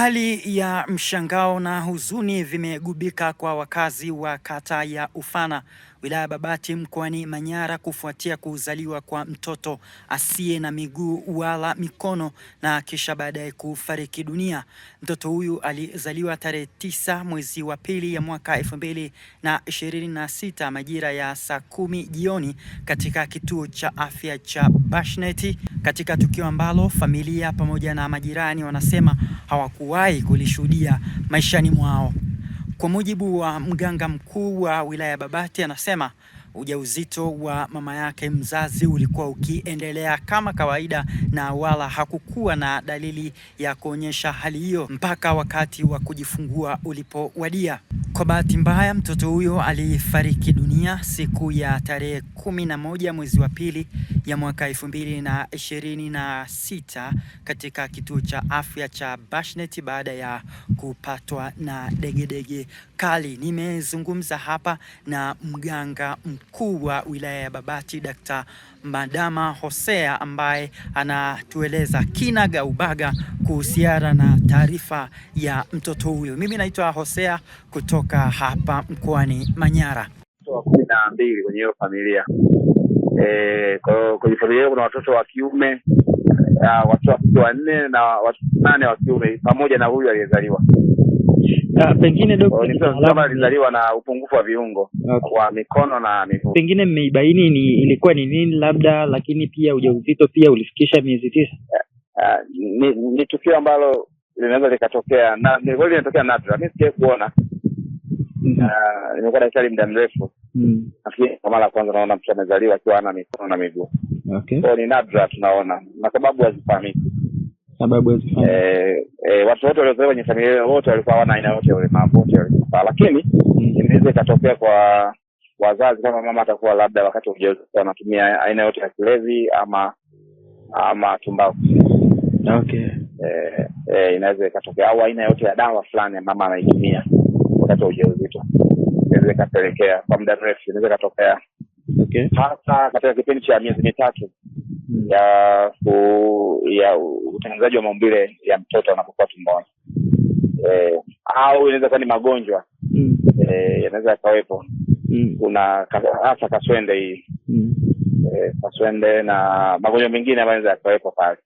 Hali ya mshangao na huzuni vimegubika kwa wakazi wa kata ya Ufana, wilaya ya Babati, mkoani Manyara kufuatia kuzaliwa kwa mtoto asiye na miguu wala mikono na kisha baadaye kufariki dunia. Mtoto huyu alizaliwa tarehe tisa mwezi wa pili ya mwaka elfu mbili na ishirini na sita majira ya saa kumi jioni katika kituo cha afya cha Bashneti, katika tukio ambalo familia pamoja na majirani wanasema hawakuwahi kulishuhudia maishani mwao. Kwa mujibu wa mganga mkuu wa wilaya ya Babati, anasema ujauzito wa mama yake mzazi ulikuwa ukiendelea kama kawaida na wala hakukuwa na dalili ya kuonyesha hali hiyo mpaka wakati wa kujifungua ulipowadia. Kwa bahati mbaya, mtoto huyo alifariki dunia siku ya tarehe kumi na moja mwezi wa pili ya mwaka 2026 katika kituo cha afya cha Bashnet baada ya kupatwa na degedege kali. Nimezungumza hapa na mganga mkuu wa wilaya ya Babati Dkt. Madama Hosea ambaye anatueleza kinaga ubaga kuhusiana na taarifa ya mtoto huyo. Mimi naitwa Hosea kutoka hapa mkoani Manyara. kumi na mbili kwenye hiyo familia E, kwenye familia kuna watoto wa kiume watoto wanne na watoto nane wa kiume pamoja na huyu aliyezaliwa ah, pengine kama alizaliwa na upungufu wa viungo okay, wa mikono na miguu. Pengine mmeibaini ni ilikuwa ni nini labda, lakini pia ujauzito pia ulifikisha miezi tisa. Ah, ah, ni, ni tukio ambalo linaweza likatokea na ni kweli linatokea nadra, mimi sijawahi kuona na mm. ah, nimekuwa daktari muda mrefu mm. nafikiri kwa mara ya kwanza naona mtu amezaliwa akiwa ana mikono na miguu okay. kwao ni nadra tunaona na sababu hazifahamiki sababu hazifahamiki eh, eh, watu wote waliozaliwa kwenye familia wote walikuwa hawana aina yote ya ulemavu wote walikufaa lakini mm. inaweza ikatokea kwa wazazi kama mama atakuwa labda wakati wa ujauzito anatumia aina yote ya kilevi ama ama tumbaku okay. eh, eh, inaweza ikatokea au aina yote ya dawa fulani mama anaitumia wakati wa ujauzito, inaweza ikapelekea kwa muda mrefu, inaweza ikatokea okay, hasa katika kipindi cha miezi mitatu mm, ya ya utengenezaji wa maumbile ya mtoto anapokuwa tumboni e, au inaweza kuwa ni magonjwa hmm. e, yanaweza yakawepo mm, kuna hasa kaswende hii hmm. e, kaswende na magonjwa mengine ambayo yanaweza yakawepo pale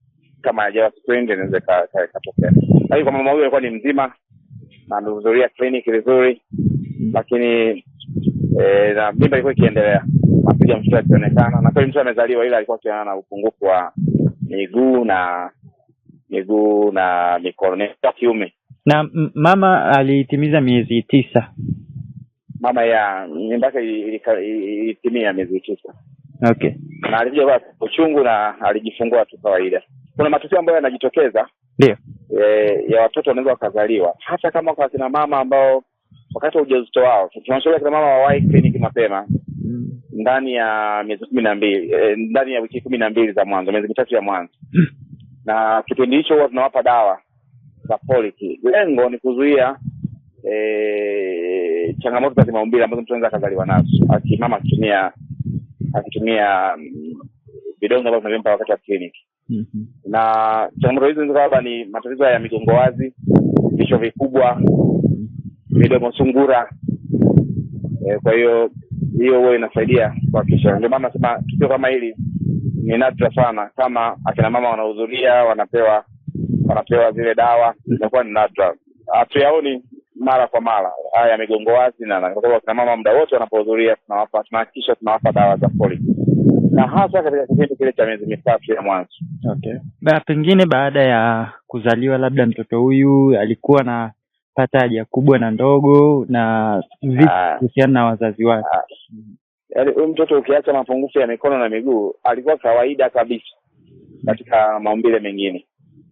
kama ajawa screened inaweza ikatokea. Lakini kwa mama huyu alikuwa ni mzima na nilihudhuria clinic vizuri, lakini eh, na mimba ilikuwa ikiendelea, mapiga mtoto akionekana, na kweli mtoto amezaliwa, ila alikuwa akionana na upungufu wa miguu na miguu na mikono ya kiume. Na mama aliitimiza miezi tisa, mama ya mimba yake ilitimia miezi tisa. Okay, na alikuja uchungu na alijifungua tu kawaida. Kuna matukio ambayo yanajitokeza ndio e, ya watoto wanaweza wakazaliwa, hata kama kwa kina mama ambao wakati wa ujauzito wao, tunashauri kina mama wawahi kliniki mapema mm. ndani ya miezi kumi na mbili e, ndani ya wiki kumi na mbili za mwanzo, miezi mitatu ya mwanzo mm. na kipindi hicho huwa tunawapa dawa za poliki Lengo ni kuzuia e, changamoto za kimaumbili ambazo mtu anaweza akazaliwa nazo akimama akitumia akitumia mm, vidonge ambavyo tunavimpa wakati wa kliniki mm -hmm. na changamoto hizi zinaweza ni matatizo ya migongo wazi, vichwa vikubwa, mm-hmm. midomo sungura. E, kwa hiyo hiyo huwa inasaidia kuhakikisha, ndio maana nasema tukio kama hili ni nadra sana, kama akina mama wanahudhuria wanapewa wanapewa zile dawa inakuwa ni nadra, hatuyaoni mara kwa mara haya ya migongo wazi, na kwa sababu akina mama muda wote wanapohudhuria tunawapa, tunahakikisha tunawapa dawa za folic na hasa katika kipindi kile cha miezi mitatu ya mwanzo. Okay. pengine baada ya kuzaliwa labda mtoto huyu alikuwa anapata haja kubwa na ndogo na vipi ah. kuhusiana na wazazi wake? Ah. Yaani huyu mtoto ukiacha mapungufu ya mikono na miguu alikuwa kawaida kabisa katika maumbile mengine,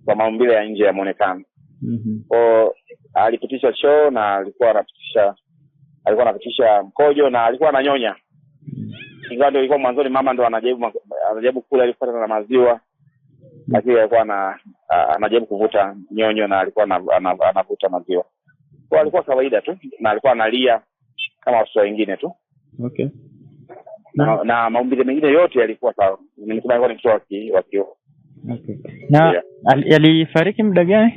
kwa maumbile ya nje ya mwonekano. Mm-hmm. O, alipitisha choo na alikuwa anapitisha alikuwa anapitisha mkojo na alikuwa ananyonya ingawa ndio ilikuwa mwanzoni mama ndo anajaribu anajaribu kula ili kupata na maziwa lakini alikuwa ana anajaribu kuvuta nyonyo na alikuwa anavuta maziwa kwa alikuwa kawaida tu na alikuwa analia kama watoto wengine tu okay na, na maumbile mengine yote yalikuwa sawa nimesema ni mtoto wa kiume okay. na yeah. alifariki muda gani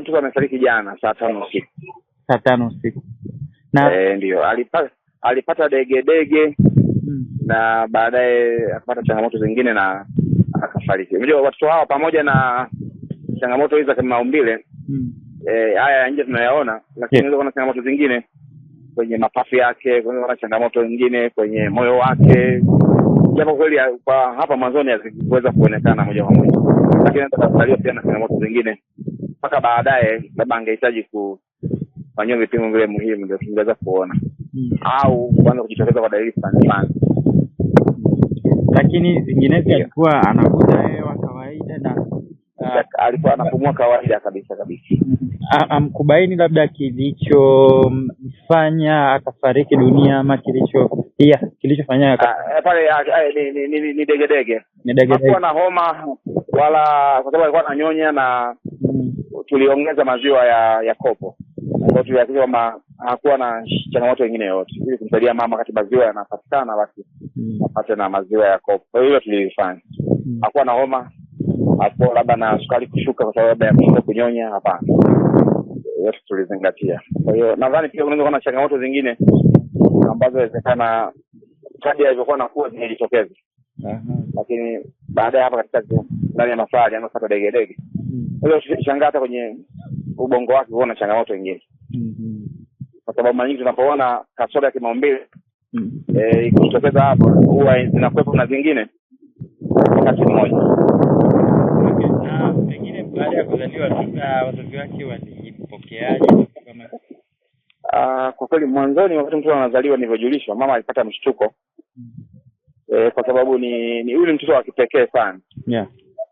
mtu amefariki jana saa tano usiku saa tano usiku na eh, ndio alipata alipata degedege dege hmm. na baadaye akapata changamoto zingine na akafariki. Unajua watoto hawa pamoja na changamoto hizi za kimaumbile hmm. eh, haya ya nje tunayaona, lakini yeah. kuna changamoto zingine kwenye mapafu yake, kuna changamoto nyingine kwenye moyo wake, japo kweli kwa hapa mwanzoni hazikuweza kuonekana moja kwa moja, lakini atakaliwa pia na changamoto zingine mpaka baadaye, labda angehitaji kufanyiwa vipimo vile muhimu, ndio tungeweza kuona mm. au kuanza kujitokeza kwa dalili fulani lakini zinginezi alikuwa anavuta hewa kawaida na ah, alikuwa anapumua kawaida kabisa kabisa. Amkubaini labda kilichomfanya akafariki dunia ama kilicho pia kilichofanya ah, eh, pale ah, eh, ni degedege, ni na homa wala, kwa sababu alikuwa ananyonya na mm. tuliongeza maziwa ya ya kopo ambao tulihakikisha kwamba hakuwa na changamoto nyingine yoyote, ili kumsaidia mama wakati maziwa yanapatikana, basi mm. apate na maziwa ya kopo. Kwa hiyo tulifanya, mm. hakuwa na homa, hakuwa labda na sukari kushuka kwa sababu ya ya kunyonya, hapana, yote tulizingatia. Kwa hiyo nadhani pia unaweza kuwa na changamoto zingine ambazo inawezekana kadri alivyokuwa kuwa zimejitokeza, lakini baada ya hapa katika ndani ya masaa alianza yaani kupata degedege, mm. hilo shangaa hata kwenye ubongo wake kuona changamoto nyingine kwa sababu mara nyingi tunapoona kasoro ya kimaumbile ikijitokeza mm. e, hapo huwa zinakwepo na zingine wakati mmoja. pengine baada ya kuzaliwa wazazi wake walipokeaje? Kama uh, kwa kweli mwanzoni, wakati mtoto anazaliwa, nilivyojulishwa, mama alipata mshtuko mm. e, kwa sababu ni ni huyu ni mtoto wa kipekee sana yeah.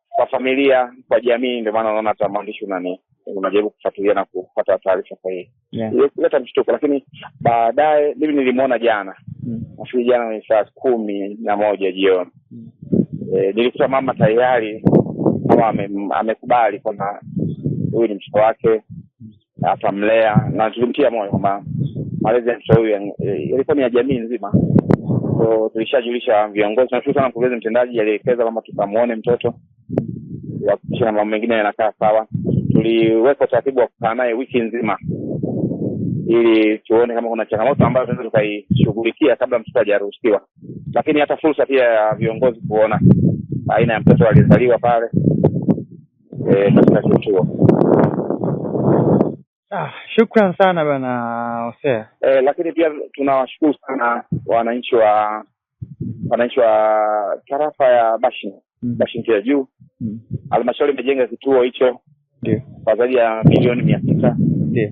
kwa familia, kwa jamii, ndio maana unaona hata mwandishi unani unajaribu kufuatilia na kupata taarifa sahihi yeah. ileta mshtuko, lakini baadaye mimi nilimwona jana mm. nafikiri jana ni saa kumi na moja jioni mm. E, nilikuta mama tayari kama amekubali ame kwamba huyu ni mtoto wake atamlea, na tulimtia moyo kwamba malezi ya mtoto huyu yalikuwa eh, ni ya jamii nzima. So, tulishajulisha viongozi. Tunashukuru sana mkurugenzi mtendaji alielekeza kwamba tukamwone mtoto kuhakikisha na mambo mengine yanakaa sawa tuliweka utaratibu wa kukaa naye wiki nzima ili tuone kama kuna changamoto ambayo tunaweza tukaishughulikia kabla mtoto hajaruhusiwa, lakini hata fursa pia ya viongozi kuona aina ya mtoto aliyezaliwa pale katika e, kituo Ah, shukran sana bwana Hosea. E, lakini pia tunawashukuru sana wananchi wa wananchi wa tarafa ya mm. Bashin ya juu. Mm. Halmashauri imejenga kituo hicho ndio kwa zaidi ya milioni mia sita ndio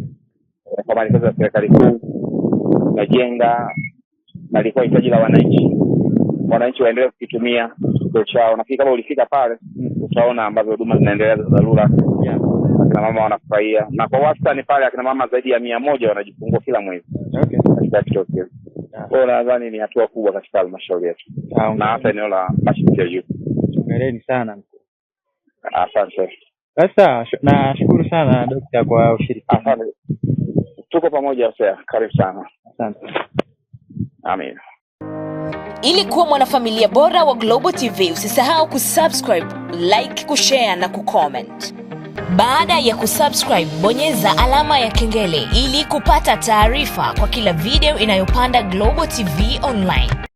kwa mali ya serikali kuu najenga na hitaji la wananchi, wananchi waendelee kukitumia kituo chao. Nafikiri kama ulifika pale mm. utaona ambavyo huduma zinaendelea za dharura, akina mama wanafurahia, na kwa wastani pale akina mama zaidi ya mia moja wanajifungua kila mwezi katika kituo kile. Kwa hiyo nadhani ni hatua kubwa katika halmashauri yetu ah, na hasa eneo la Mashariki ya Juu. Hongereni sana mkuu, asante. Sasa nashukuru sana dokta kwa ushirikiano. Asante, tuko pamoja sasa. Karibu sana, asante. Amina. Ili kuwa mwanafamilia bora wa Global TV, usisahau kusubscribe, like, kushare na kucomment. Baada ya kusubscribe, bonyeza alama ya kengele ili kupata taarifa kwa kila video inayopanda Global TV Online.